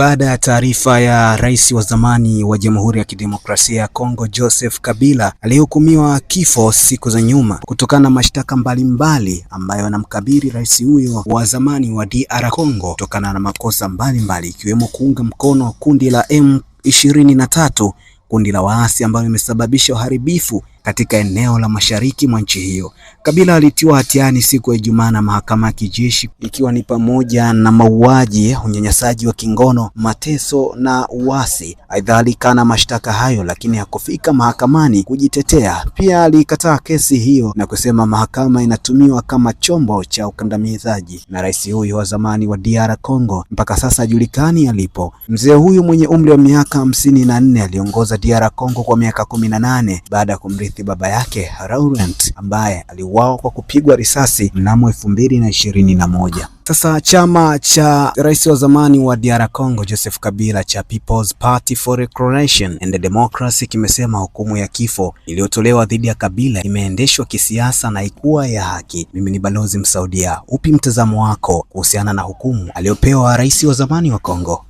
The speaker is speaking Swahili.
Baada ya taarifa ya rais wa zamani wa Jamhuri ya Kidemokrasia ya Kongo Joseph Kabila aliyehukumiwa kifo siku za nyuma kutokana na mashtaka mbalimbali ambayo anamkabili rais huyo wa zamani wa DR Congo kutokana na makosa mbalimbali ikiwemo mbali kuunga mkono kundi la M23, kundi la waasi ambayo imesababisha uharibifu katika eneo la mashariki mwa nchi hiyo. Kabila alitiwa hatiani siku ya Ijumaa na mahakama ya kijeshi ikiwa ni pamoja na mauaji, unyanyasaji wa kingono, mateso na uasi. Aidha, alikana mashtaka hayo lakini hakufika mahakamani kujitetea. Pia alikataa kesi hiyo na kusema mahakama inatumiwa kama chombo cha ukandamizaji na rais huyu wa zamani wa DR Congo mpaka sasa hajulikani alipo. Mzee huyu mwenye umri wa miaka hamsini na nne aliongoza DR Congo kwa miaka kumi na nane baada ya kumrithi kumrithi baba yake Laurent ambaye aliuawa kwa kupigwa risasi mnamo elfu mbili na ishirini na moja. Sasa chama cha rais wa zamani wa DR Congo Joseph Kabila cha People's Party for Reconciliation and Democracy kimesema hukumu ya kifo iliyotolewa dhidi ya Kabila imeendeshwa kisiasa na ikuwa ya haki. Mimi ni Balozi Msaudia, upi mtazamo wako kuhusiana na hukumu aliyopewa rais wa zamani wa congo